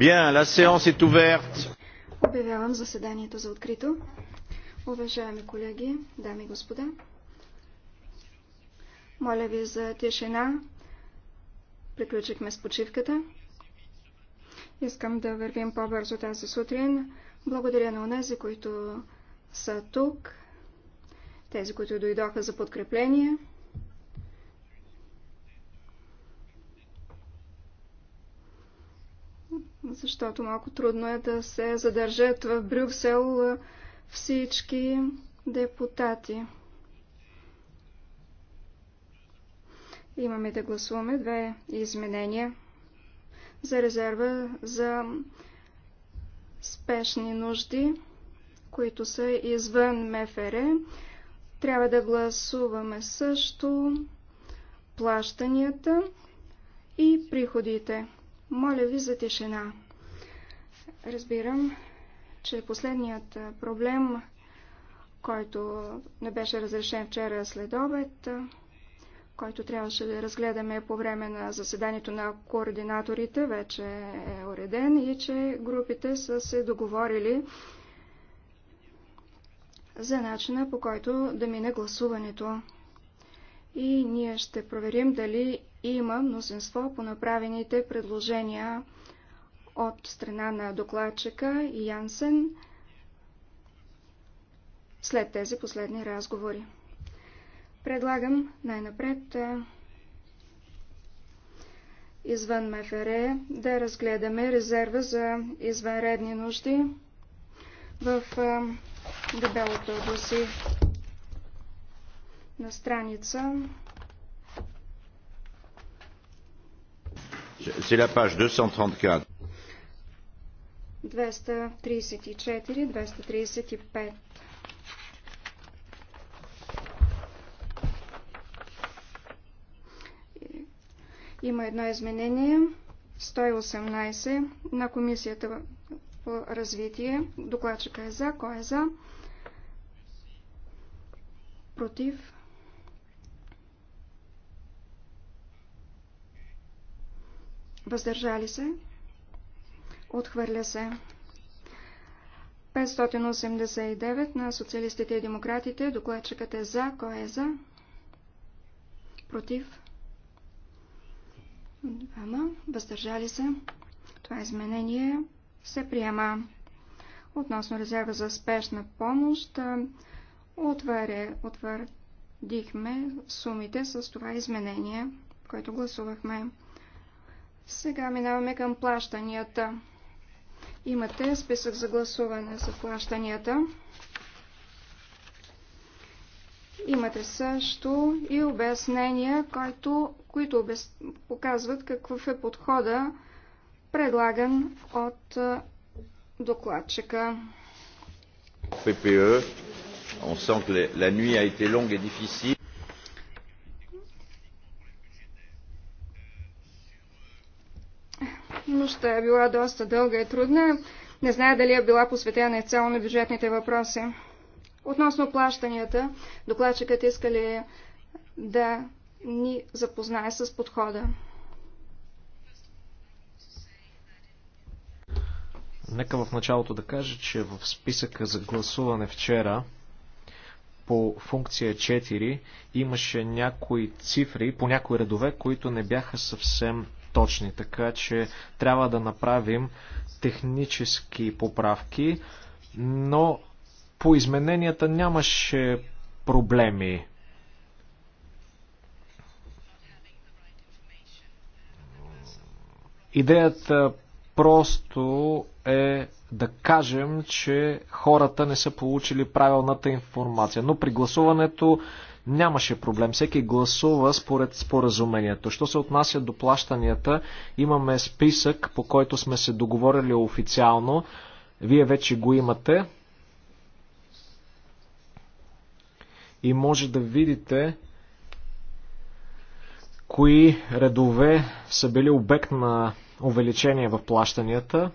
la séance est ouverte. Обявявам заседанието за открито. Уважаеми колеги, дами и господа, моля ви за тишина. Приключихме с почивката. Искам да вървим по-бързо тази сутрин. Благодаря на онези, които са тук, тези, които дойдоха за подкрепление. защото малко трудно е да се задържат в Брюксел всички депутати. Имаме да гласуваме две изменения за резерва за спешни нужди, които са извън МФР. Трябва да гласуваме също плащанията и приходите. Моля ви за тишина. Разбирам, че последният проблем, който не беше разрешен вчера след обед, който трябваше да разгледаме по време на заседанието на координаторите, вече е уреден и че групите са се договорили за начина по който да мине гласуването. И ние ще проверим дали има мнозинство по направените предложения от страна на докладчика и Янсен след тези последни разговори. Предлагам най-напред е, извън МФР да разгледаме резерва за извънредни нужди в е, дебелото гласи на страница c'est la page 234. 234-235. Има едно изменение. 118 на Комисията по развитие. Докладчика е за. Кой е за? Против? въздържали се, отхвърля се. 589 на социалистите и демократите. Докладчикът е за. Кой е за? Против? Двама. Въздържали се. Това изменение се приема. Относно резерва за спешна помощ, Отваря. отвърдихме сумите с това изменение, което гласувахме. Сега минаваме към плащанията. Имате списък за гласуване за плащанията. Имате също и обяснения, който, които обяс... показват какъв е подхода, предлаган от докладчика. ППЕ, on sent que la nuit a été longue et difficile. нощ е била доста дълга и трудна. Не знае дали е била посветена цяло на бюджетните въпроси. Относно плащанията, докладчикът иска ли да ни запознае с подхода? Нека в началото да кажа, че в списъка за гласуване вчера по функция 4 имаше някои цифри по някои редове, които не бяха съвсем точни, така че трябва да направим технически поправки, но по измененията нямаше проблеми. Идеята просто е да кажем, че хората не са получили правилната информация. Но при гласуването нямаше проблем. Всеки гласува според споразумението. Що се отнася до плащанията, имаме списък, по който сме се договорили официално. Вие вече го имате. И може да видите кои редове са били обект на увеличение в плащанията.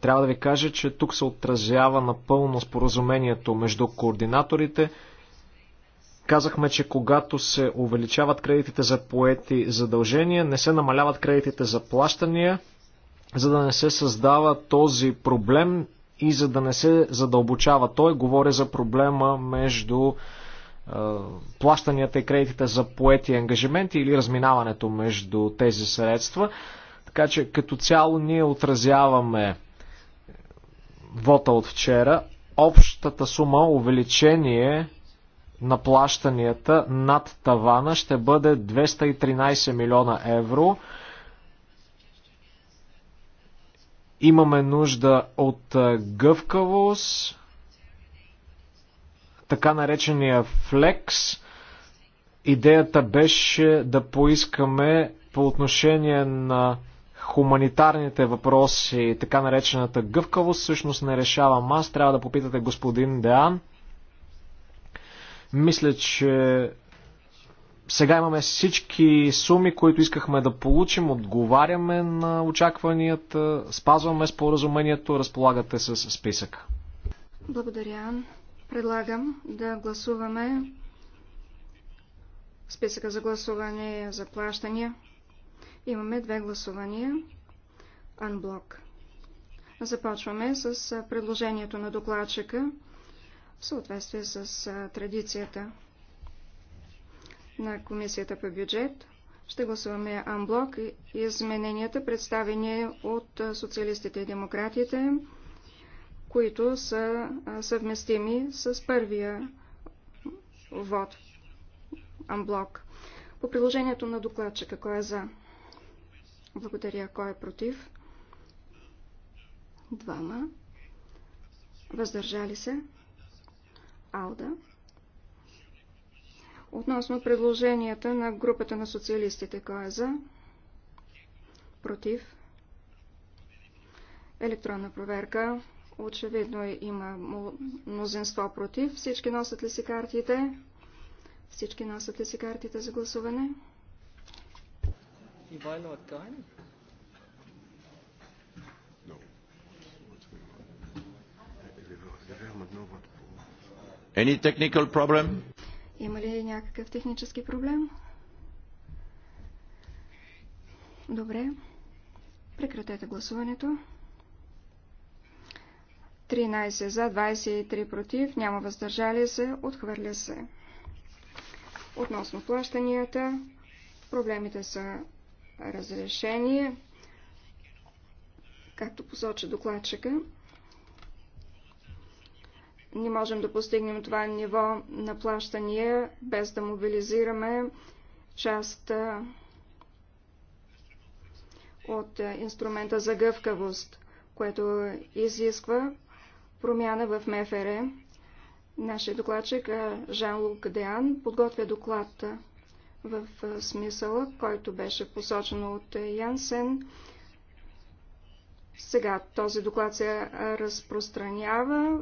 Трябва да ви кажа, че тук се отразява напълно споразумението между координаторите. Казахме, че когато се увеличават кредитите за поети задължения, не се намаляват кредитите за плащания, за да не се създава този проблем и за да не се задълбочава той. говори за проблема между е, плащанията и кредитите за поети ангажименти или разминаването между тези средства. Така че като цяло ние отразяваме вота от вчера, общата сума увеличение на плащанията над тавана ще бъде 213 милиона евро. Имаме нужда от гъвкавост, така наречения флекс. Идеята беше да поискаме по отношение на хуманитарните въпроси, така наречената гъвкавост, всъщност не решавам аз. Трябва да попитате господин Деан. Мисля, че сега имаме всички суми, които искахме да получим, отговаряме на очакванията, спазваме споразумението, разполагате с списък. Благодаря. Предлагам да гласуваме списъка за гласуване за плащания. Имаме две гласувания. Анблок. Започваме с предложението на докладчика в съответствие с традицията на Комисията по бюджет. Ще гласуваме анблок и измененията, представени от социалистите и демократите, които са съвместими с първия вод анблок. По приложението на докладчика, кой е за? Благодаря. Кой е против? Двама. Въздържали се? Алда. Относно предложенията на групата на социалистите, кой е за? Против? Електронна проверка. Очевидно има мнозинство против. Всички носят ли си картите? Всички носят ли си картите за гласуване? Die Wahlort gar nicht. Any technical problem? Има ли някакъв технически проблем? Добре. Прекратете гласуването. 13 за, 23 против, няма въздържали се, отхвърля се. Относно плащанията, проблемите са разрешение, както посоча докладчика. Не можем да постигнем това ниво на плащания, без да мобилизираме част от инструмента за гъвкавост, което изисква промяна в МФР. Нашия докладчик Жан-Лук Деан подготвя доклад в смисъла, който беше посочен от Янсен. Сега този доклад се разпространява.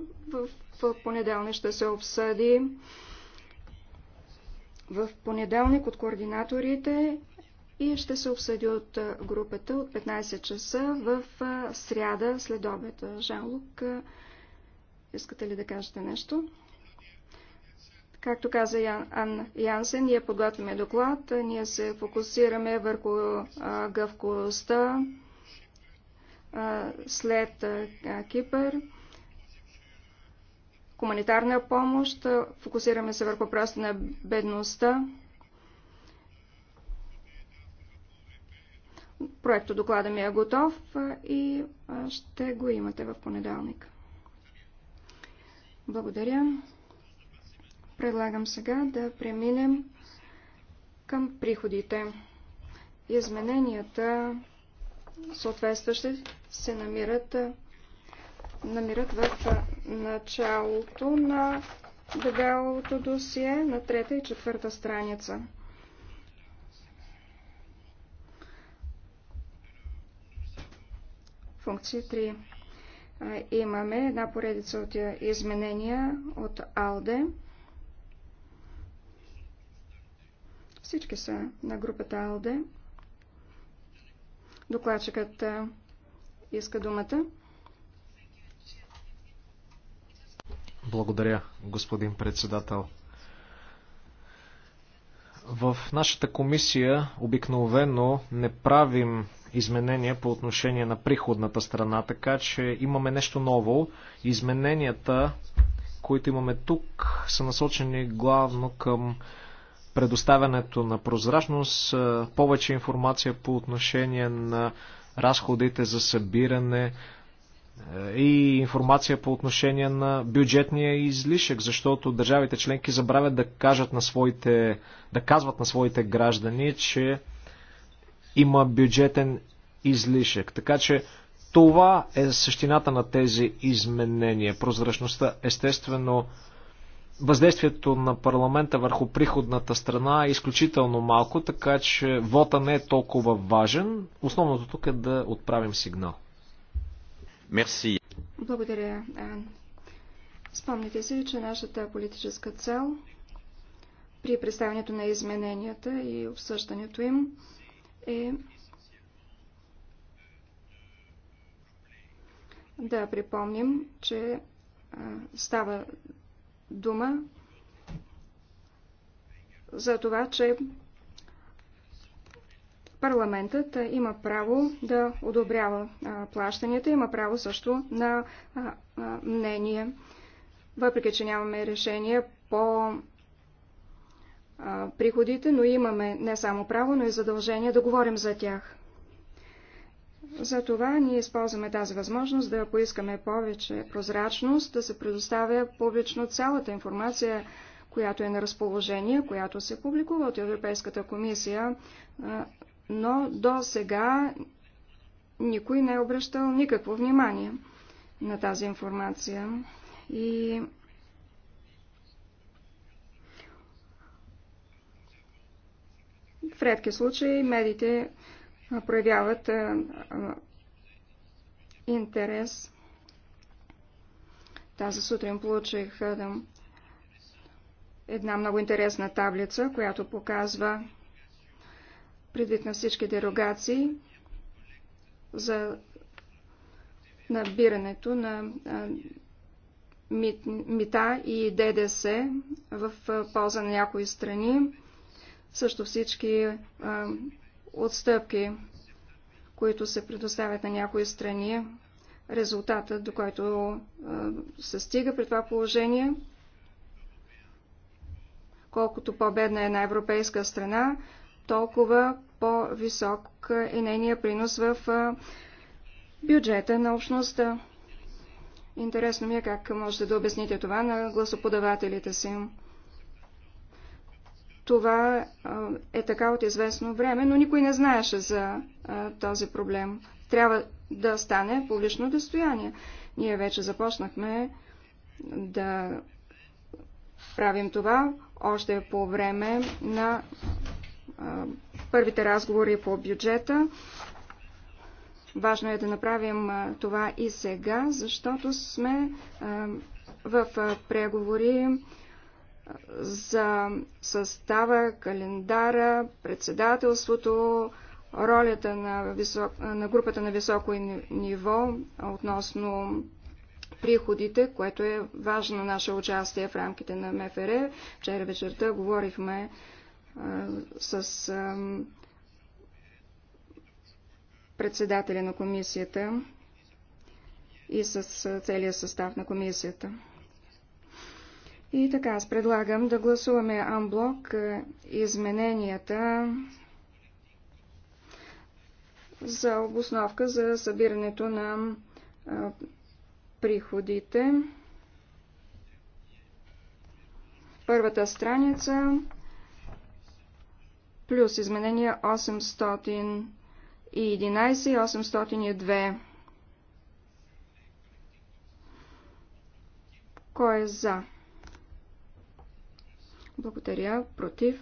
В понеделник ще се обсъди. В понеделник от координаторите и ще се обсъди от групата от 15 часа в сряда след обед. Жан Лук, искате ли да кажете нещо? Както каза Ян, Ан Янсен, ние подготвяме доклад, ние се фокусираме върху а, гъвкостта а, след а, Кипър, хуманитарна помощ, а, фокусираме се върху просто на бедността. Проекто доклада ми е готов и ще го имате в понеделник. Благодаря. Предлагам сега да преминем към приходите. Измененията съответстващи се намират, намират в началото на дебелото досие на трета и четвърта страница. Функция 3. Имаме една поредица от изменения от АЛДЕ. Всички са на групата АЛДЕ. Докладчикът иска думата. Благодаря, господин председател. В нашата комисия обикновено не правим изменения по отношение на приходната страна, така че имаме нещо ново. Измененията, които имаме тук, са насочени главно към предоставянето на прозрачност, повече информация по отношение на разходите за събиране и информация по отношение на бюджетния излишък, защото държавите членки забравят да кажат на своите, да казват на своите граждани, че има бюджетен излишък. Така че това е същината на тези изменения. Прозрачността, естествено, въздействието на парламента върху приходната страна е изключително малко, така че вота не е толкова важен. Основното тук е да отправим сигнал. Мерси. Благодаря, Ан. Спомните си, че нашата политическа цел при представянето на измененията и обсъждането им е да припомним, че става дума за това, че парламентът има право да одобрява плащанията, има право също на мнение. Въпреки, че нямаме решение по приходите, но имаме не само право, но и задължение да говорим за тях. Затова ние използваме тази възможност да поискаме повече прозрачност, да се предоставя публично цялата информация, която е на разположение, която се публикува от Европейската комисия, но до сега никой не е обръщал никакво внимание на тази информация. И в редки случаи медиите проявяват интерес. Тази сутрин получих една много интересна таблица, която показва предвид на всички дерогации за набирането на мита и ДДС в полза на някои страни. Също всички отстъпки, които се предоставят на някои страни, резултатът, до който се стига при това положение, колкото по-бедна е една европейска страна, толкова по-висок е нейния принос в бюджета на общността. Интересно ми е как можете да обясните това на гласоподавателите си. Това е така от известно време, но никой не знаеше за този проблем. Трябва да стане публично достояние. Ние вече започнахме да правим това още по време на първите разговори по бюджета. Важно е да направим това и сега, защото сме в преговори за състава, календара, председателството, ролята на, висок, на групата на високо ниво относно приходите, което е важно наше участие в рамките на МФР. Вчера вечерта говорихме с председателя на комисията и с целия състав на комисията. И така, аз предлагам да гласуваме Анблок е, измененията за обосновка за събирането на е, приходите. Първата страница плюс изменения 811 и 802. Кой е за? Благодаря. Против.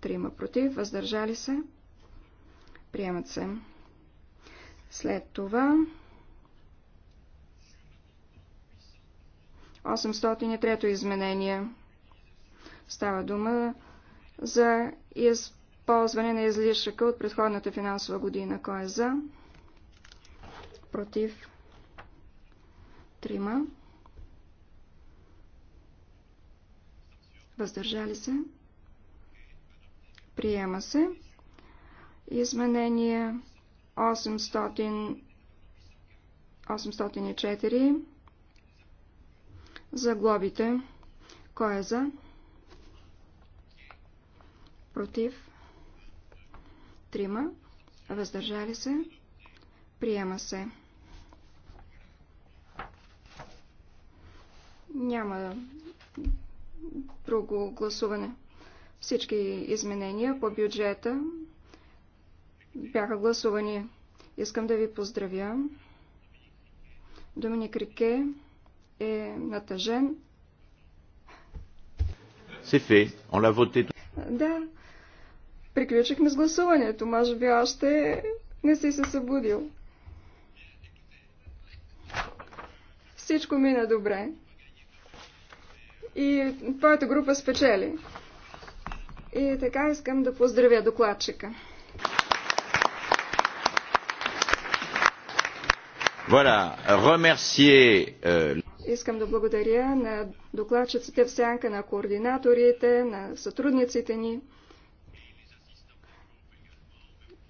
Трима против. Въздържали се. Приемат се. След това 803 изменение. Става дума за използване на излишъка от предходната финансова година. Кой е за? Против? Трима. въздържали се, приема се. Изменение 800, 804 за глобите. Кой е за? Против? Трима. Въздържали се? Приема се. Няма друго гласуване. Всички изменения по бюджета бяха гласувани. Искам да ви поздравя. Доминик Рике е натъжен. Да. Приключихме с гласуването. Може би още не си се събудил. Всичко мина добре и твоята група спечели. И така искам да поздравя докладчика. Voilà, remercier, euh... Искам да благодаря на докладчиците в сянка, на координаторите, на сътрудниците ни,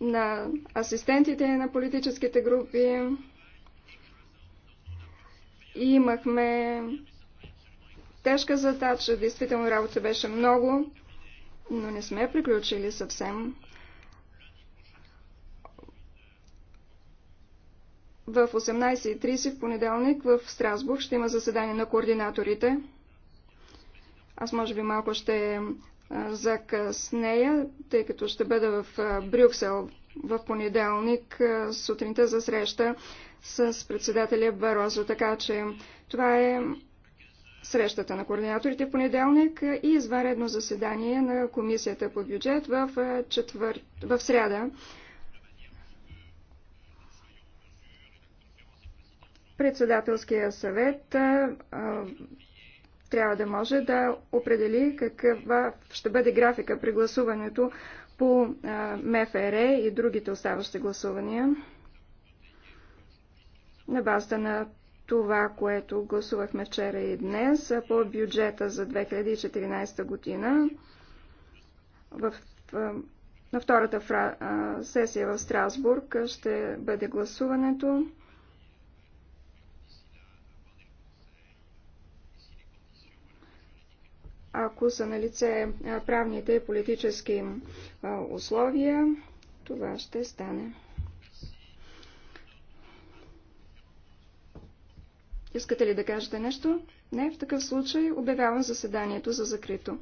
на асистентите на политическите групи. И имахме тежка задача, действително работа беше много, но не сме приключили съвсем. В 18.30 в понеделник в Страсбург ще има заседание на координаторите. Аз може би малко ще закъснея, тъй като ще бъда в Брюксел в понеделник сутринта за среща с председателя Барозо. Така че това е срещата на координаторите в понеделник и изваредно заседание на Комисията по бюджет в, четвър... в сряда. Председателския съвет а, а, трябва да може да определи каква ще бъде графика при гласуването по а, МФР и другите оставащи гласувания на базата на това, което гласувахме вчера и днес по бюджета за 2014 година в, на втората фра, а, сесия в Страсбург ще бъде гласуването. Ако са на лице правните и политически условия, това ще стане. Искате ли да кажете нещо? Не, в такъв случай обявявам заседанието за закрито.